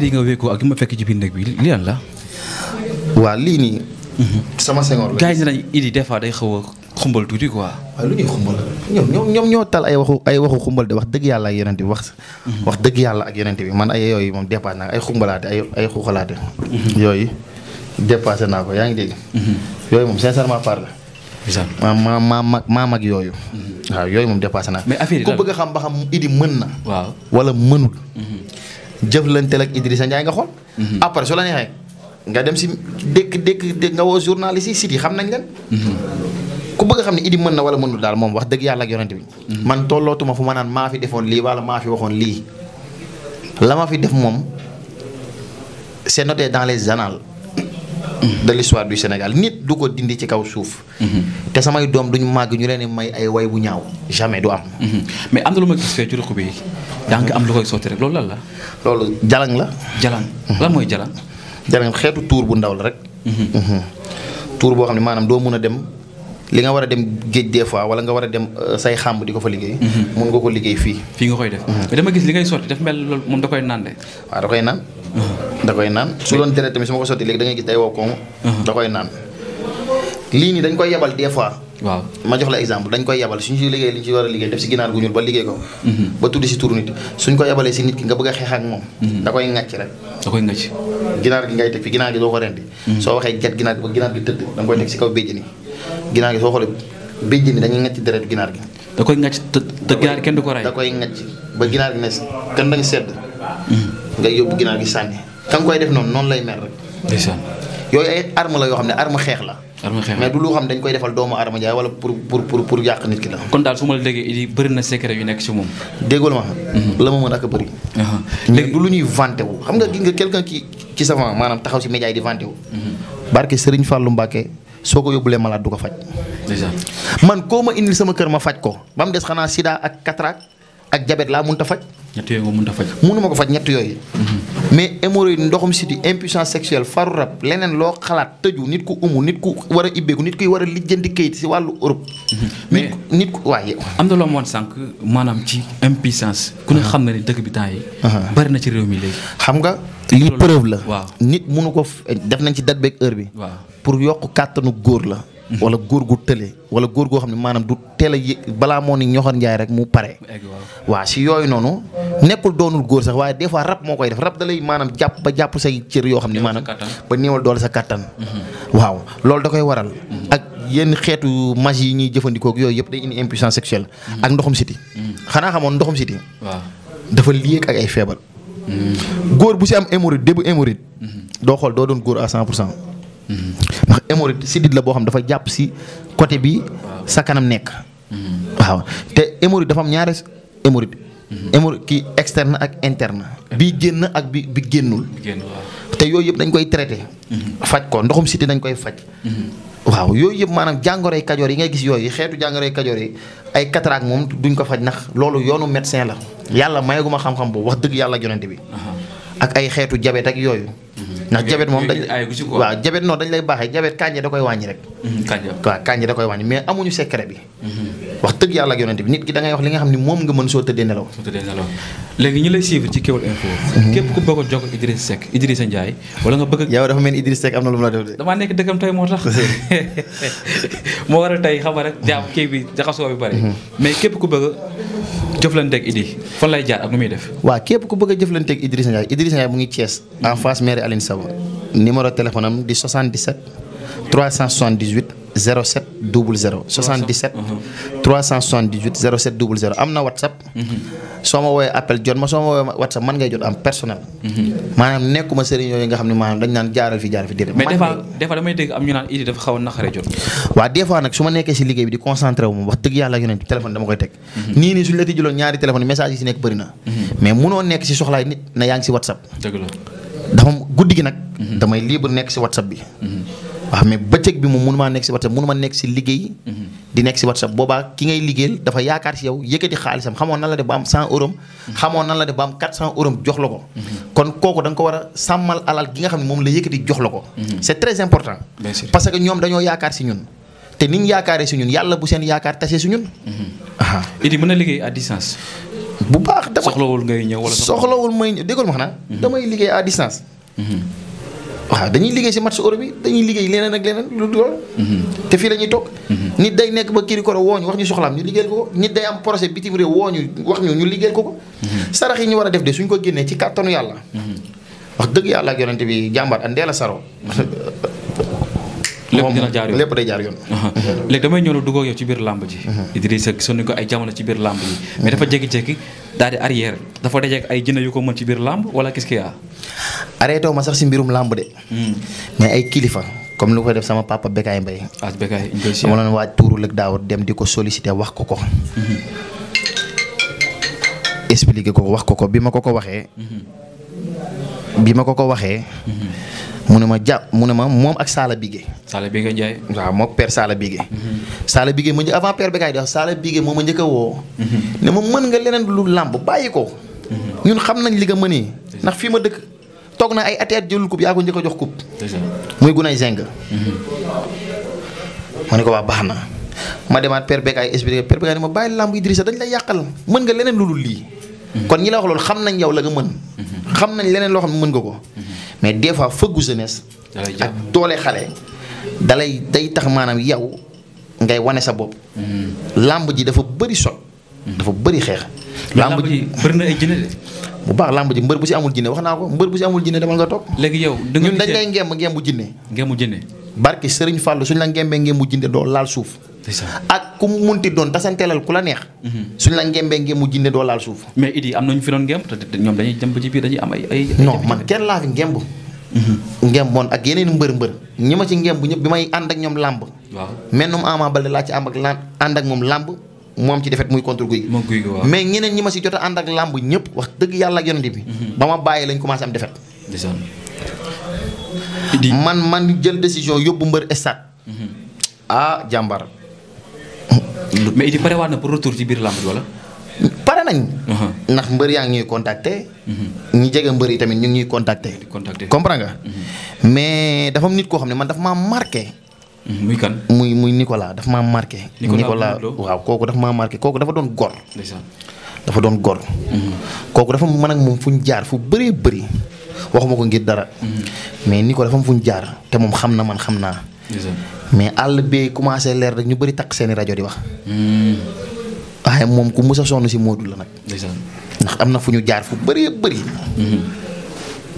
xasida yi nga wékkoon ak li ma fekk ci biir bi li lan la. waa lii nii. Mhm. sama sengoor la gars yi nañ day xaw xumbal tuuti quoi. waaw lu ñuy xumbal ñoom ay waxu xumbal de wax dëgg yàlla ak yeneen wax. Mhm. wax dëgg yàlla ak yeneen bi man ay yooyu moom dépassé naa ay xumbalaate ay ay xuxalaate. Mhm. naa ko yaa ngi dégg. yooyu moom sincèrement parle. ma ma ma mag maa mag yooyu. waaw yooyu moom dépassé naa. mais affaire yi bëgg a xam ba xam Idy mën na. waaw wala mënul. jëflanteel ak Idrissa Ndiaye nga xool. Mhm. après su la neexee nga dem si dëkk dëkk nga woo journaliste si site yi xam nañ leen. Mhm. ku bëgg xam ne Idi mën na wala mënul daal moom wax dëgg yàlla ak yonent bi. Mhm. man tollootuma fu ma naan maa fi defoon lii wala maa fi waxoon lii. la ma fi def moom c'est noté dans les annales. de l'histoire du Sénégal nit du ko dindi ci kaw suuf. Mhm. te samay doom duñ màgg ñu leen may ay way bu ñaaw jamais du am. Mhm. mais am na lu ma gis fee ci ruq bi yaa ngi am lu koy sotti rek loolu lan la. loolu jalang la. jalang mhm. lan mooy jalang. jalang xeetu tuur bu ndaw la rek. tuur boo xam ne maanaam doo mun a dem. li nga war a dem géej des fois wala nga war a dem euh, say xàmb di ko fa liggéey. mun nga ko liggéey fii. fii nga koy def. mais dama gis li ngay sotti daf mel loolu moom da koy naan de. waaw da da koy naan su doon tere tamit su ma ko da ngay gis day wow uh-huh. koy naan lii dañ koy yebal des fois. waaw ma jox la exemple dañ koy yebal suñ si liggéey li ñu war a liggéey def si ginaar gu ñuul ba liggéey ko. Uh-huh. ba tudd si turu nit suñ ko si nit ki nga bëgg a xeex ak moom. Uh-huh. da koy ŋàcc rek. da ginaar gi ngay teg fi ginaar gi doo ko rendi. soo waxee jet ginaar gi ba ginaar gi tëdd da nga koy teg si kaw béjj ni ginaar gi soo xoolee béjj ni dañuy ŋàcc deretu ginaar gi. da koy ŋàcc te te kenn du ko rey. da koy ba ginaar gi ne kan da nga sedd. nga yóbbu ginaar gi sànni ka nga koy def noonu noonu lay mer rek. ndeysaan yooyu ay arme la yoo xam ne arme xeex la. arme mais du loo xam dañ koy defal doomu Adama Ndiaye wala pour pour pour yàq nit ki la. kon daal su ma la déggee Idy bëri na secret nekk ci moom. déggoo ma. Mhm. la ma mën ak a bëri. léegi du lu ñuy vanté xam nga gis nga quelqu'un qui qui savant maanaam taxaw ci média yi di vanté mhm. barke Serigne Fallou Mbacke soo ko yóbbulee malade du ko faj. man koo ma indil sama kër ma faj ko ba des xanaa ak jabet laa mënut a faj. ñett yooyu nga mënut a ko faj ñetti yooyu. Mhm. mais hémorroïde ndoxum siti impuissance sexuelle faru rab leneen loo xalaat tëju nit ku umu nit ku war a ibbeeku nit kuy war a lijjanti kayit si wàllu Europe. Mhm. mais nit ku waaye. am na loo moon sànq maanaam ci impuissance. ku ne xam na ni dëkk bi temps yi. bari na ci réew mi léegi. xam nga lii preuve la. waaw nit mënu ko def nañ ci date beeg heure bi. waaw pour yokk kàttanu góor la. wala góor gu tële wala góor goo xam ne maanaam du teel a balaa moo ni ñoxor njaay rek mu pare waaw si yooyu noonu nekkul doonul góor sax waaye des fois rab moo koy def rab da lay maanaam jàpp ba jàpp say cër yoo xam ne maanaam ba néewal doole sa kattan mm-hmm. waaw loolu da koy waral mm-hmm. ak yenn xeetu magie yi ñuy jëfandikoo ak yooyu yëpp day indi impuissance sexuelle mm-hmm. ak ndoxum siti xanaa xamoon ndoxum siti dafa lié ak ay feebar góor bu si am hémorroïde début hémorroïde doo xool doo doon góor à cent cent ndax hémorroïde sidit la boo xam dafa jàpp si côté bi sa kanam nekk. waaw te hémorroïde dafa am ñaari hémorroïde. hémorroïde kii ak interne. bii génn ak bi bi génnul. te yooyu yëpp dañ koy traité. faj ko ndoxum sidit dañ koy faj. waaw yooyu yëpp maanaam jàngoroy kajoor yi ngay gis yooyu xeetu jàngoroy kajoor yi ay cataracte moom duñ ko faj nax loolu yoonu médecin la. yàlla mayaguma xam-xam boobu wax dëgg yàlla jonante bi. ak ay xeetu jabet ak yooyu. Mm-hmm. ndax jabet moom dañ waaw jabet noonu dañ lay baaxee jabet kànja da koy wàññi rek. Mm-hmm, kànja waaw kànja da koy wàññi mais amuñu secret bi. Mm-hmm. wax dëgg yàlla ak yonent bi nit ki da ngay wax li nga xam ni moom nga mën soo tëddee nelaw. soo tëddee nelaw léegi ñu lay suivre ci Kewel Info. képp ku bëggoon jokkoo ak Idriss Seck Idrissa Ndiaye wala nga bëgg. yow dafa mel ni Idriss am na lu mu a def de. damaa nekk dëkkam tey moo tax moo waral tey xam nga rek jaam kii bi jaxasoo bi bari mais képp ku jëflanteeg Idi fan lay jaar ak nu muy def. waaw képp ku bëgg a jëflanteeg Idrissa Ndiaye Idrissa Ndiaye mu ngi Thiès en face mairie Aline Saba numéro téléphone am di 77 378. 07 00 77 378 07 00 am na whatsapp mhm. soo ma woowee appel jot ma soo ma woowee whatsapp man ngay jot am personnel mhm. maanaam nekkuma sëriñ yooyu nga xam ne maanaam dañ naan jaaral fi jaaral fi déedéet mais damay dégg am ñu naan Idy dafa xaw a naqaree jot waaw des fois nag su ma nekkee si liggéey bi di concentré wu wax dëgg yàlla yonent téléphone dama koy teg mhm. nii nii suñu la la dafa guddi waaw mais bëccëg bi moom mënu maa nekk si WhatsApp mënu ma nekk si liggéey. Mhm. di nekk si WhatsApp boobaa ki ngay liggéeyal dafa yaakaar si yow yëkkati xaalisam xamoon nan la def ba am mhm. ko. Mhm. kon kooku da nga ko war a xam ne moom la yëkkati jox la ko. c'est très important. que ñoom dañoo yaakaar si ñun. te ni ñu yaakaaree si ñun yàlla bu seen yaakaar tasee si ñun. Idy mën na liggéey soxlawul ngay ñëw wala soxlawul may déggoo ma xanaa. damay liggéey à distance. waaw dañuy liggéey si match euro bi dañuy liggéey leneen ak leneen lu loolu te fii la ñuy toog nit day nekk ba kiri koro wooñu wax ñu soxlaam ñu liggéeyal ko ko nit day am projet bitim réew wooñu wax ñu ñu liggéeyal ko ko sarax yi ñu war a def de suñ ko génnee ci kàttanu yàlla wax dëgg yàlla ak yonente bi jàmbaar an deel a saro lépp dina jaar yoon lépp day may yoon. léegi damay ñëw na duggoo yow ci biir làmb ji. Idrissa gisoon nañu ko ay jamono ci biir làmb ji. mais dafa jékki-jékki daal di arrière dafa dajeeg ay jinne yu ko mën ci biir làmb wala qu'est-ce qu'il a. ma sax si mbirum làmb de. Hmm. mais ay kilifa. comme lu ko def sama papa Bekaay Mbaye. ah Bekaay dama doon waaj tuuru lëg daaw dem di ko solliciter wax ko ko. Hmm. ko wax ko ko bi ma ko ko waxee. Hmm. bi ma ko ko waxee. mu ne ma jàpp mu ne ma moom ak Saala Bigué. Saala Bigué Ndiaye. waaw moom père Saala Bigué. Mhm. Saala Bigué ma avant père Bécaye di wax Saala Bigué moo ma njëkk a woo. Mhm. ne ma mën nga leneen lu làmb bàyyi ko. Mhm. ñun xam nañ li nga mënee. ndax fii ma dëkk toog na ay ati at jëlul coupe yaa ko njëkk a jox coupe. muy gunay zeng. ma ne ko waa baax na ma demaat père Bécaye expliqué père Bécaye ne ma bàyyi làmb Idrissa dañ lay yàqal mën nga leneen lu dul lii. kon ñi la wax loolu xam nañ yow la nga mën. xam nañ leneen loo xam ne mën nga ko. mais des fois fëggu jeunesse. ak doole xale. dalay day tax maanaam yow ngay wane sa bopp. Hmm. làmb ji dafa bëri sot hmm. dafa bëri xeex. làmb ji bëri na ay jinne de. bu baax làmb ji mbër bu si amul jinne wax naa ko mbër bu si amul jinne demal nga toog. léegi yow ñun dañ lay ngemb ngembu jinne. ngembu jinne. barke Serigne Fallou suñ la ngembee ngembu jinne doo laal suuf. ak ku mu munti doon tasanteelal ku la neex. Mhm. suñ la ngembee ngemu jinne doo laal suuf. mais Idi am na ñu fi doon ngemb te ba ci biir dañuy am ay ay. man kenn laa fi ngemb. Mhm. ngemboon ak yeneen mbër mbër ñi ma ci ngemb ñëpp bi may ànd ak ñoom làmb. waaw mel noonu Ama laa ci am ak lan ànd mu am ci defet muy contre guy. mais ñeneen ñi ma si jot a ànd ak làmb ñëpp wax dëgg yàlla ak yonent bi. Mhm. ba ma bàyyi lañ commencé am defet. man man jël décision yóbbu mbër stade. ah mais Idy pare waat na pour retour ci biir làmb wala. pare nañ. Uh-huh. ndax mbër yaa ngi ñuy contacter. Uh-huh. ñi jege mbër yi tamit ñu ngi ñuy contacter. contacter comprendre nga. Uh-huh. mais dafa am nit koo xam ne man dafa maa marqué. muy kan muy muy Nicolas dafa maa marqué. Nicolas waaw kooku dafa maa marqué kooku dafa doon gor. dafa doon gor. kooku dafa mën ak moom fu ñu jaar fu bëree bëri waxuma ko ngir dara. mais Nicolas dafa am fu ñu jaar te moom xam na man xam naa. mais àll bee commencé leer rek ñu bëri takk seeni rajo di wax. waaye moom ku musa sonn si Modou la nag. ndax am na fu ñu jaar fu bëree bëri. Mhm.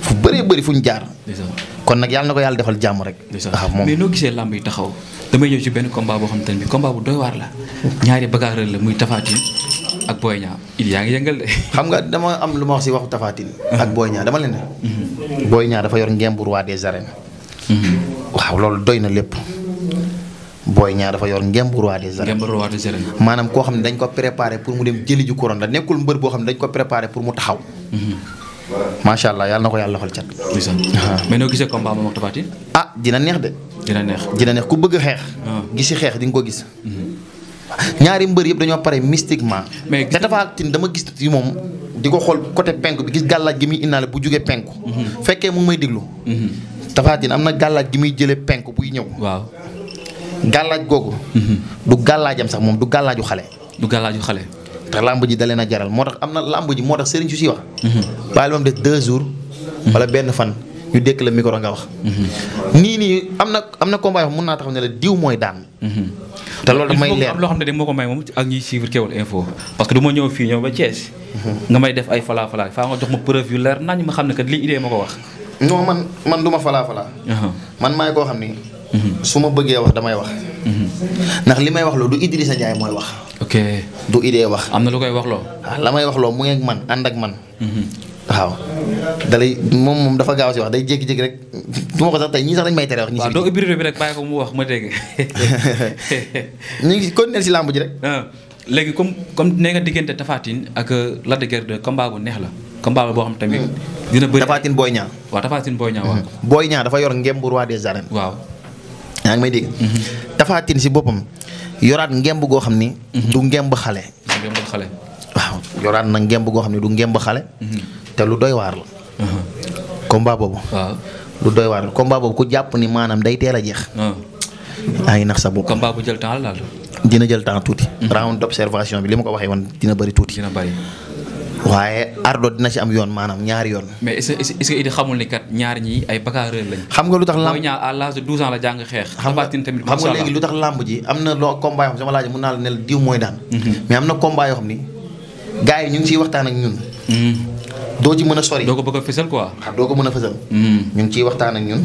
fu bëree bëri fu ñu jaar. kon nag yaa na ko yàlla defal jàmm rek. waaw ah, moom mais noo gisee làmb yi taxaw damay ñëw ci benn combat boo xam te ne bii combat bu doy waar la ñaari bagarreur la muy Tapha ak Boy Niang il yaa ngi yëngal de. xam nga dama am lu ma wax si waxu Tapha ak Boy Niang dama leen ne. Mhm. dafa yor ngembu roi des arènes. Mm-hmm. waaw loolu doy na lépp. Boy ñaar dafa yor ngemb roi des arènes. ngemb roi des arènes. maanaam koo xam ne dañ ko préparé pour mu dem jëli ju couronne la nekkul mbër boo xam ne dañ ko préparé pour mu taxaw. Mm-hmm. macha allah yàlla na ko yàlla loxol cat. Ah. mais noo gisee combat moom ak Tapha ah dina neex de. dina neex dina neex ku bëgg xeex. Ah. gisi xeex di nga ko gis. Mm-hmm. ñaari mbër yëpp dañoo pare mystiquement. mais te Tapha Tine dama gis ci moom. di ko xool côté penk bi gis gàllaaj gi muy indaale bu jugee penku. fekkee mu may déglu. Tapha Tine am na gàllaaj gi muy jëlee penk buy ñëw. waaw gàllaaj googu. du gàllaajam sax moom du gàllaaju xale. du gàllaaju xale. ndax làmb ji dalee na jaral moo tax am na làmb ji moo tax sëriñ su si wax. bàyyi la moom de deux jours. wala benn fan ñu dékk la micro nga wax. Mhm. nii nii am na am na combat yoo xam mun naa taxaw ne la diw mooy daan. Mhm. te loolu damay leer loo xam ne de moo ko may moom ak ñuy suivre Kewel parce que du ñëw fii ñëw ba Thiès. Mhm. nga may def ay falaa falaa faa nga jox xam ne kat li idée ko wax. non man man du ma falaa falaa. Uh-huh. man maay koo xam ni. Mm-hmm. su ma bëggee wax damay wax. Mm-hmm. ndax li may wax loo du Idrissa Ndiaye mooy wax. ok du idée wax. am na lu koy wax loo. Ah, la may wax loo mu ngeeg man ànd man. Mm-hmm. waaw dalay moom moom dafa gaaw si wax day jékki rek du ma ko sax tey ñii sax dañ may tere wax. ñi si doo ubbi bi rek bàyyi ko mu wax ma dégg. ñu ngi continuer si làmb ji rek. Ah, léegi comme comme nee nga diggante Tapha Tine ak Lac de Guiers 2 neex la. combat boo xam tamit. dina bëri Tapha Tine Boy Niang. waaw Tapha Tine Boy Niang waaw. Mm-hmm. Boy Niang yor ngemb roi des arènes. waaw. yaa ngi may dégg. Mm-hmm. Tapha si boppam yoraat ngemb goo xam ni. Mm-hmm. ngemb xale. du ngemb na ngemb goo xam ni du ngemb xale. te lu doy waar la. boobu. lu doy waar la combat ku jàpp ni maanaam day teel a jeex. Ah. yaa ngi nax sa bopp. combat bu jël temps daal. dina jël temps tuuti. round d'observation bi li ma ko waxee woon dina bari tuuti. dina bëri waaye ardo dina ci am yoon maanaam ñaari yoon. mais est-ce xamul ni kat ñaar ñi ay bagarreur lañ. xam nga lu tax lamb mooy ñaar à xeex. xam nga tamit xam tax lamb ji am na loo combat yoo xam sama laaj mën naa la ne la diw mooy daan. Mhm. mais am na combat yoo xam ni gars yi ñu ngi ciy waxtaan ak ñun. Mhm. doo ci mën a sori. doo ko bëgg a fësal quoi. xam doo ko mën a fësal. Mhm. ñu ngi ciy waxtaan ak ñun.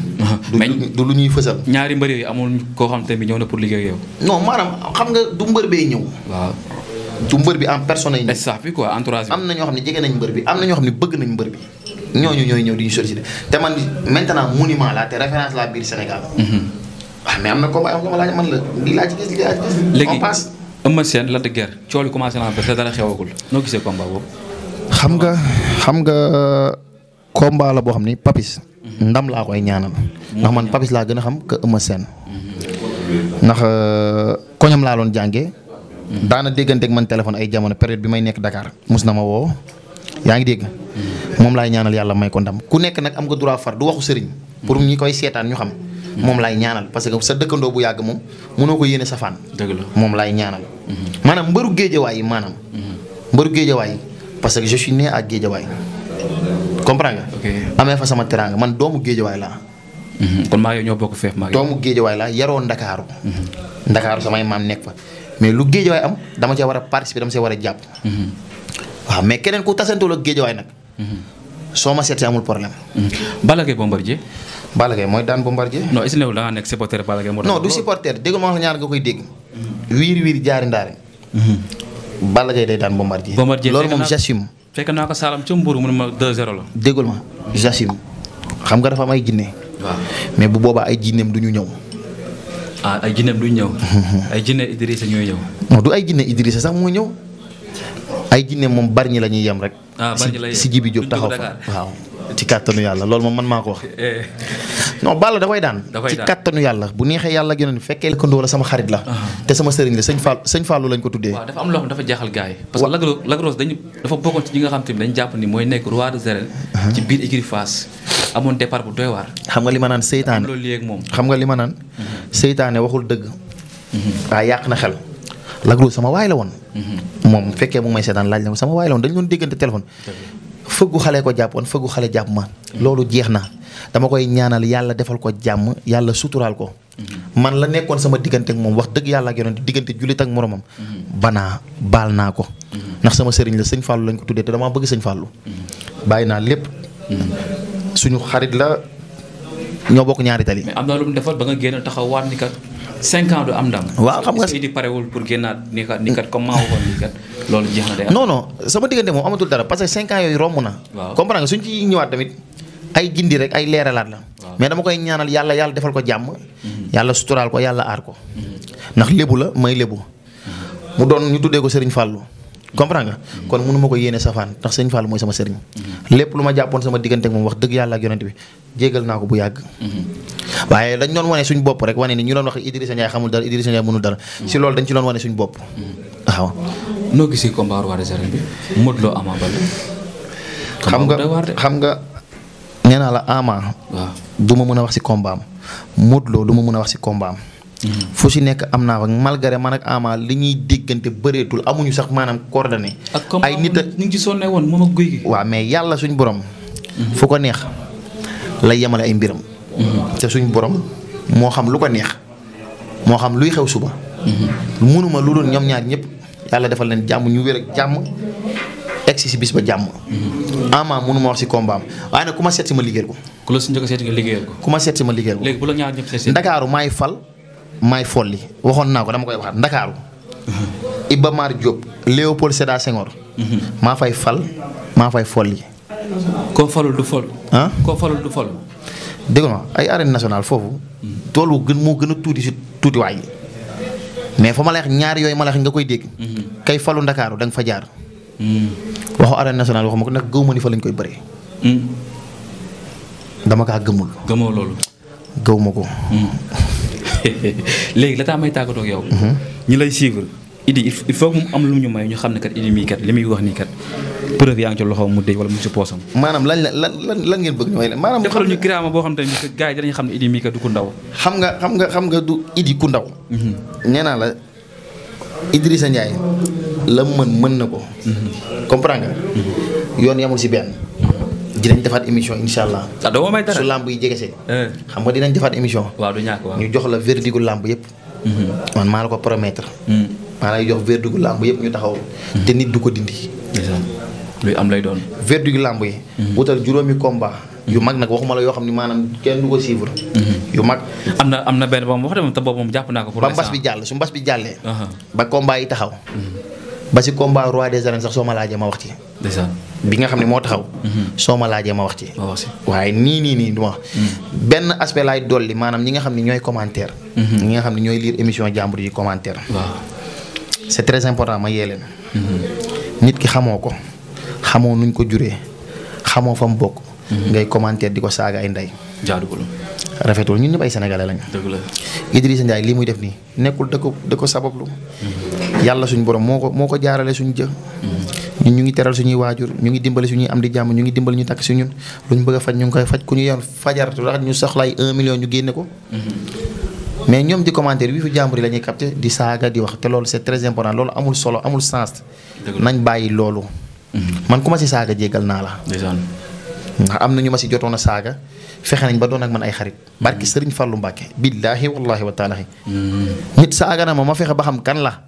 du lu ñuy fësal. ñaari mbër yooyu amul koo xam tamit ñëw na pour liggéey yow. non maanaam xam nga du mbër bee ñëw. du mbër bi en personne yi staff bi quoi entourage bi. am na ñoo xam ne jege nañ mbër bi am na ñoo xam ne bëgg nañ mbër bi ñooñu ñooy ñëw di ñu sollicité te man maintenant monument la te référence la biir Sénégal. waaw mhm. ah, am na combat yoo xam ne léegi Eumeu Sène Lac de Guiers coow li commencé naa ba te dara xewagul noo gisee combat boobu. xam nga xam nga combat boo xam ne Papis. Mhm. ndam laa koy ñaanal. ndax man Papis laa gën a xam que Eumeu Sène. Mhm. ndax euh, koñam laa loon jàngee. daana dégganteeg man téléphone ay jamono période bi may nekk Dakar mus na ma woo yaa ngi dégg. moom laay ñaanal yàlla may ko ndam ku nekk nag am nga droit far du waxu sëriñ. pour ñi koy seetaan ñu xam. moom laay ñaanal parce que sa dëkkandoo bu yàgg moom mënoo ko yéene safaan. dëgg la moom laay ñaanal. Mhm. maanaam mbëru géejawaay yi maanaam. Mhm. mbëru géejawaay yi parce que je suis né à géejawaay. comprends nga. amee fa sama teraanga man doomu géejawaay laa. Mhm. kon maa ngi ñoo bokk feef maa doomu géejawaay laa yaroo Ndakaaru. Ndakaaru samay maam nekk fa. mais lu géejawaay am dama cee war a participer dama see war a jàpp. Mhm. waaw mais keneen ku tasantul ak géejawaay nag. Mhm. soo ma seetee amul problème. Mhm. Balla Gaye Bombardier. Balla Gaye mooy daan Bombardier. non est-ce que nekk supporter Balla Gaye moo non du supporter dégg ma wax ñaar nga koy dégg. wiir wiir jaari ndaare. Balla Gaye day daan Bombardier. loolu moom j'assume. fekk naa ko Saalam ca Mbour mu ne ma 2 ma j'assume xam nga dafa am ay jinne. waaw mais bu boobaa ay jinneem du ñu ñëw. ah ay jinneem du ñëw. ay jinne Idrissa ñooy ñëw. non du ay jinne Idrissa sax moo ñëw. ay jinne moom bari ñi la ñuy yem rek. ah bari ñi la si si ji bi jóg taxaw fa waaw. ci kàttanu yàlla loolu moom man maa ko wax. Eh. non Balla da koy daan. ci kàttanu yàlla bu neexee yàlla ak yeneen fekkee lëkkandoo la sama xarit la. Uh-huh. te sama sëriñ la sëñ Fall sëñ Fallu lañ ko tuddee. waaw dafa am loo dafa jaaxal gars yi. parce que Lagros Lagros dañu dafa bokkoon ci ñi nga xam te ne dañu jàpp ni uh-huh. biir écurie Fass amoon départ bu doy waar. xam nga li ma naan seytaane loolu moom. xam nga li ma naan. Uh-huh. seytaane waxul dëgg. waaw yàq na xel. Lagros sama waay la woon. moom bu fekkee mu may seetaan laaj la sama waay la woon dañu doon déggante téléphone fëggu xale ko jàppoon fëggu xale jàpp ma loolu jeex na dama koy ñaanal yàlla defal ko jàmm yàlla suturaal ko mhm. man la nekkoon sama diggante ak moom wax dëgg yàlla ak yonent diggante jullit ak moroomam mhm. banaa baal naa ko mhm. ndax sama sëriñ la sëñ Fallou lañ ko tuddee te damaa bëgg sëñ Fallou bàyyi naa lépp suñu xarit la ñoo bokk ñaari tali am na lu defal ba nga génn taxawaat ni kat cinq ans du am ndam. waaw xam nga di parewul pour génnaat ni kat ni loolu jeex sama diggante moom amatul dara parce que cinq ans yooyu romb na. waaw comprendre nga suñ ci ñëwaat tamit ay gindi rek ay leeralaat la. mais dama koy ñaanal yàlla yàlla defal ko jàmm. Mhm. yàlla suturaal ko yàlla aar ko. Mhm. ndax lépp la may lébu. Mhm. mu doon ñu tuddee ko Serigne Fallou. comprend nga kon mënu ma ko yéene safaan ndax sëñ Fall mooy sama sëriñ lépp lu ma jàppoon sama diggante moom wax dëgg yàlla ak yonent bi jégal naa ko bu yàgg mm-hmm. waaye dañ doon wane suñ bopp rek wane ni ñu doon wax Idrissa Ndiaye xamul dara Idrissa Ndiaye mënul dara mm-hmm. si lool dañ ci doon wane suñ bopp mm-hmm. waaw noo gisee combat roi des arènes bi Modou xam nga xam nga nee naa la Ama du ma mën a wax si combat am loo Lo du ma mën a wax si combat foo si nekk am naa fa malgré man ak Ama li ñuy diggante bëreetul amuñu sax maanaam coordonné ay nit a ñu ngi ci sonne woon moom ak guy gi waaw mais yàlla suñ borom fu ko neex lay yemale ay mbiram. Mm-hmm. te suñu borom moo xam lu ko neex moo xam luy xew suba. mënuma mm-hmm. lu doon ñoom ñaar ñëpp yàlla defal leen jàmm ñu wér ak jàmm egg si si bis ba jàmm. Mm-hmm. ama mënuma wax si kombaam waaye nag ku ma seet si ma liggéeyal ko. ku la si ko. ku ma seet si ko léegi bu la ñaar ñëpp ndakaaru maay fal maay folli waxoon naa ko dama koy waxaat ndakaaru. Iba Mar Diop. Léopold Sédar Senghor. maa fay fal maa fay folli. koo falul du fol. ah koo falul du fol. dégg ma ay arène nationale foofu. tool wu gën moo gën a tuuti si tuutiwaay yi. mais fa ma lay yooyu ma nga koy dégg. Mhm. kay falu ndakaaru da nga fa jaar. Mhm. waxu arène nationale waxuma ko nag gëw ma ni fa lañ koy bëree. Mhm. dama kaa gëmul. gëmoo loolu. gëw ma ko. léegi la taa may tàggatoo yow. ñi lay suivre. idi i faut mu am lu ñu may ñu xam ne kat idi mii kat li muy wax nii kat preuve yaa ngi ci loxoom mu dëj wala mu ci poosam. maanaam lan lan lan lan ngeen bëgg ñu may la maanaam. defal ñu kiraama boo xam ne gars yi dinañ xam ne idi mii kat ndaw. xam nga xam nga xam nga du idi ku ndaw. Mhm. nee naa la Idrissa Ndiaye la mën mën na ko. Mhm. comprendre nga. Mhm. yoon yamul si benn. dinañ defaat émission incha allah. ah doo may dara eh. xam nga dinañ defaat émission. waaw du ñàkk ñu jox la verdigu lamb yëpp. maa la ko promettre. maanaam jox verdu gu làmb yëpp ñu taxaw. te nit du ko dindi. luy am lay doon. verdu gu làmb yi. Mhm. wutal juróomi combat. yu mag nag wax la yoo xam ne maanaam kenn du ko suivre. Mhm. yu mag. am na am na benn boobu wax dëgg te boobu moom jàpp naa ko. pour ba mbas bi jàll su mbas bi jàllee. Uh-huh. ba combat yi taxaw. Mhm. ba si combat roi des sax soo ma laajee ma wax ci. bi nga xam ne moo taxaw. soo ma ma wax ci. waaye nii nii nii du ma. benn aspect laay dolli maanaam ñi nga xam ne ñooy commentaire. ñi nga ne ñooy lire émission jàmbur yi commentaire. c'est très important ma yee leen. nit ki xamoo ko xamoo nuñ ko juree xamoo fa mu bokk. Mhm. ngay commenter di ko saaga ay ndey. jaaduwul. rafetul ñun ñëpp ay sénégalais lañu. dëgg la Idrissa Ndiaye lii muy def nii nekkul da ko da ko sabablu. Mhm. yàlla suñu borom moo ko moo ko jaarale suñu jë. Mhm. ñu ñu ngi teral suñuy waajur ñu ngi dimbali suñuy am di jàmm ñu ngi dimbali ñu takk si ñun luñ bëgg a faj ñu ngi koy faj ku ñu yoon fajar tax ñu soxlaay un million ñu génne ko. mais ñoom di commentaire bi fi jàmbur yi la ñuy capté di saaga di wax te loolu c'est très important loolu amul solo amul sens. nañ bàyyi loolu. Mhm. man ku ma si saaga jéggal naa la. ndax am na ñu ma si jotoon a saaga fexe nañ ba doon ak man ay xarit. barki mhm. Serigne Fallou Mbacke billaahi wallaahi wa taalahi. Mhm. nit saaga na ma ma fexe ba xam kan la.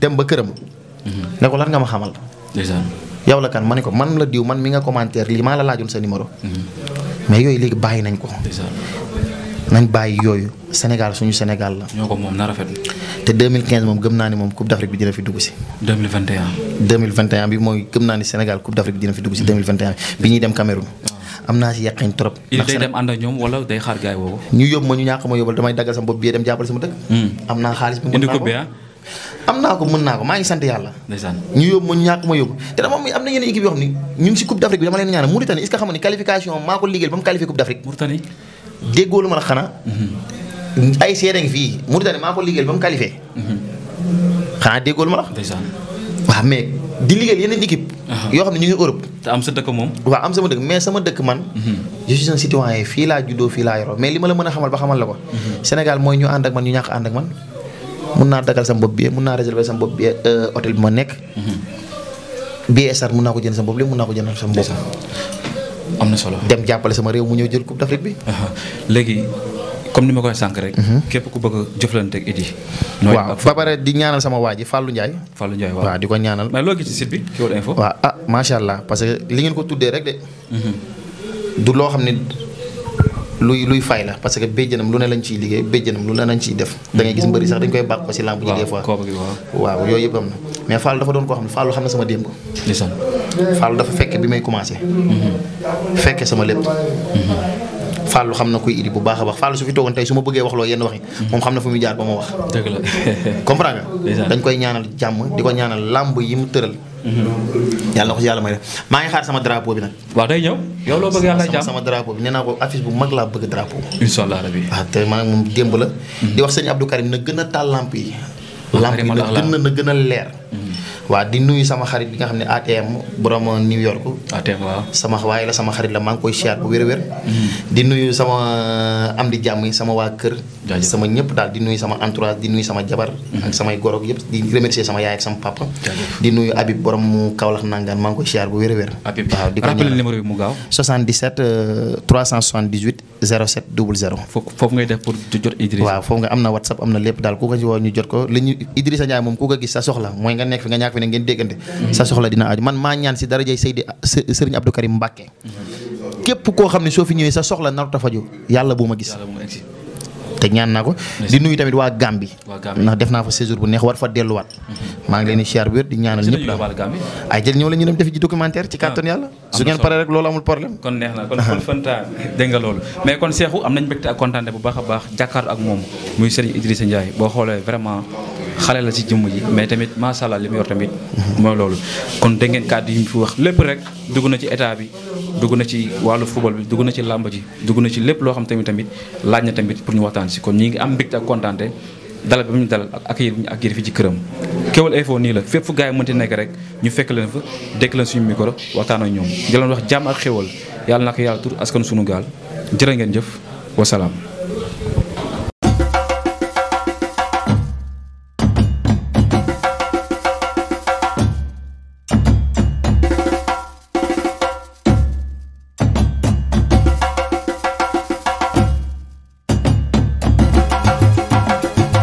dem ba këram. ne ko lan nga ma xamal. yow la kan ma ne ko man la diw man mi nga commentaire lii maa la laajoon sa numéro. mais yooyu léegi bàyyi nañ ko. nañ bàyyi yooyu Sénégal suñu Sénégal la. ñoo ko moom na rafet. moom gëm naa ni moom Coupe d'Afrique bi dina fi dugg si. Mm. bi ñuy dem Cameroun. Ah. am naa si yàqin trop. ndax day dem ànd ak ñoom wala day xaar gaay woowu. ñu yóbbu ma ñu ñàkk ma yóbbal damay daggal mm. am naa am na yeneen équipe yoo xam ne ñu si coupe d'Afrique bi dama leen ñaanal Mauritanie est-ce xam nga qualification maa ko liggéeyal ba mu qualifié d'Afrique déggoo lu ma la xanaa. Mhm. ay seede ngi fii Mauritanie maa ko liggéeyal ba mu qualifié. Mhm. xanaa déggoo lu ma la. waaw mais di liggéeyal yeneen équipe. yoo xam ne ñu ngi Europe. te am sa dëkk moom. waaw am sama dëkk mais sama dëkk man. Mhm. je suis un citoyen fii laa juddoo fii laa yoroo mais li ma la mën a xamal ba xamal la ko. Sénégal mooy ñu ànd ak man ñu ñàkk ànd ak man. mun naa dagal sa bopp bi mun naa réserver sama bopp bi euh, hôtel bi ma nekk. BSR mun naa ko jënd sama bopp lépp mun naa ko jënd sama bopp. am na solo dem jàppale sama réew mu ñëw jël coupe d'Afrique bi. léegi comme ni ma koy sànq rek. Mhm. képp ku bëgg a jëflante ak Idy. waaw ba pare di ñaanal sama waa ji Fallou Ndiaye. Fallou Ndiaye waaw di ko ñaanal. mais loo gis ci site bi Kewel Info. waaw ah macha allah parce que li ngeen ko tuddee rek de. Mhm. du loo xam ne luy luy fay la parce que béjjënam lu ne lañ ciy liggéey béjjënam lu ne lañ ciy def da ngay gis mbëri sax dañ koy bàq ko si lamb ji des fois dafa doon bi may commencé mhm. fekke sama lépp mhm. Fallou xam na koy idi bu baax a baax Fallou su fi toogoon tey su ma bëggee wax loo yenn wax yi mhm. moom xam na fu muy jaar ba ma wax dëgg nga dañ koy ñaanal jàmm di ko ñaanal lamb yi mu tëral yàlla ko ci yàlla may maa ngi xaar sama drapeau bi nag. waa day ñëw yow loo bëgg yàlla jàmm sama drapeau bi nee naa ko affiche bu mag laa bëgg drapeau. incha allah rabi. waaw te maanaam moom démb la. Hmm. di wax sëñ Abdou Karim na gën a taal lamp yi. lamp yi nag gën na na gën a leer mm-hmm. waa di nuyu sama xarit bi nga xam ne ATM borom New York ATM waaw sama waaye la sama xarit la maa ngi koy siyaar bu wér wér mm-hmm. di nuyu sama euh, am di jàmm yi sama waa kër sama ñëpp daal di nuyu sama entourage di nuyu sama jabar mm-hmm. ak samay gorog yëpp di remercier sama yaay ak sama papa di nuyu Habib borom Kaolack nangaan maa ngi koy siyaar bu wér wér waaw di ko rappelé numéro bi mu gaaw 77 378 euh, 07 00. foofu ngay def pour jot Idrissa. waaw foofu nga am na whatsapp am na lépp daal ku ko ci woo ñu jot ko li ñu Idrissa Ndiaye moom ku ko gis sa soxla mooy nga nekk fi nga ñaak fi ne ngeen déggante. Mm-hmm. sa soxla dina aju man maa ñaan si darajay Seydi Serigne Abdou Karim mm-hmm. képp koo xam ne soo fi ñëwee sa soxla narut faju yàlla bu ma gis. te ñaan naa ko di nuyu tamit waa bi ndax def naa fa séjour bu neex war fa delluwaat mhm. maa ngi leen di siyaar bu wér di ñaanal ñëpp daal ay jël ñëw la ñu dem def ji documentaire ci ah, kàttan yàlla su ngeen paree rek loolu amul problème kon neex na kon kon fanta dégg loolu mais kon Cheikhou am nañ mbégte ak kontaante bu baax a baax jàkkaarloo ak moom muy Serigne Idrissa Ndiaye boo xoolee vraiment xale la si jëmm ji mais tamit macha allah li mu yor tamit. mooy loolu kon dégg ngeen kàddu yi mu fi wax lépp rek dugg na ci état bi dugg na ci wàllu football bi dugg na ci làmb ji dugg na ci lépp loo xam tamit tamit laaj na tamit pour ñu waxtaan si kon ñi ngi am mbégte ak kontaante dalal bi mu dalal ak ak yéen fi ci këram. Kewel foo nii la fépp fu gars yi mënti nekk rek ñu fekk leen fa dégg leen suñu micro waxtaan ak ñoom di wax jàmm ak xéwal yàlla yàlla tur askan suñu gaal jërë ngeen jëf wasalaam.